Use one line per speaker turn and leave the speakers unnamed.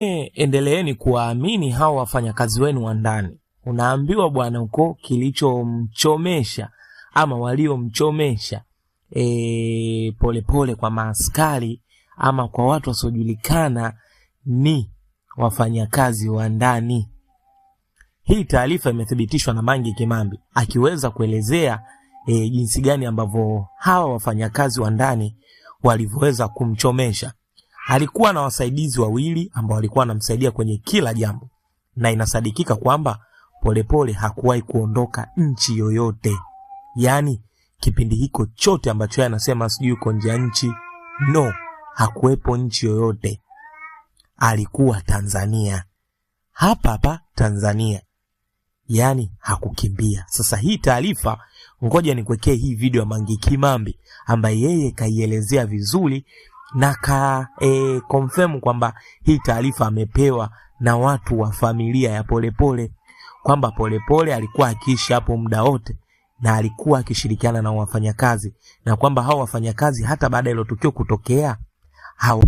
endeleeni kuwaamini hao wafanyakazi wenu wa ndani. Unaambiwa bwana uko kilichomchomesha ama waliomchomesha e, polepole kwa maaskari ama kwa watu wasiojulikana ni wafanyakazi wa ndani. Hii taarifa imethibitishwa na Mangi Kimambi akiweza kuelezea e, jinsi gani ambavyo hawa wafanyakazi wa ndani walivyoweza kumchomesha Alikuwa na wasaidizi wawili ambao walikuwa wanamsaidia kwenye kila jambo, na inasadikika kwamba Polepole hakuwahi kuondoka nchi yoyote, yaani kipindi hiko chote ambacho anasema sijui uko nje ya nchi, no, hakuwepo nchi yoyote, alikuwa Tanzania, hapa hapa Tanzania, yaani hakukimbia. Sasa hii taarifa ngoja nikuwekee hii video ya Mangi Kimambi ambaye yeye kaielezea vizuri na ka e, confirm kwamba hii taarifa amepewa na watu wa familia ya Polepole kwamba Polepole alikuwa akiishi hapo muda wote na alikuwa akishirikiana na wafanyakazi na kwamba hao wafanyakazi hata baada ya hilo tukio kutokea hao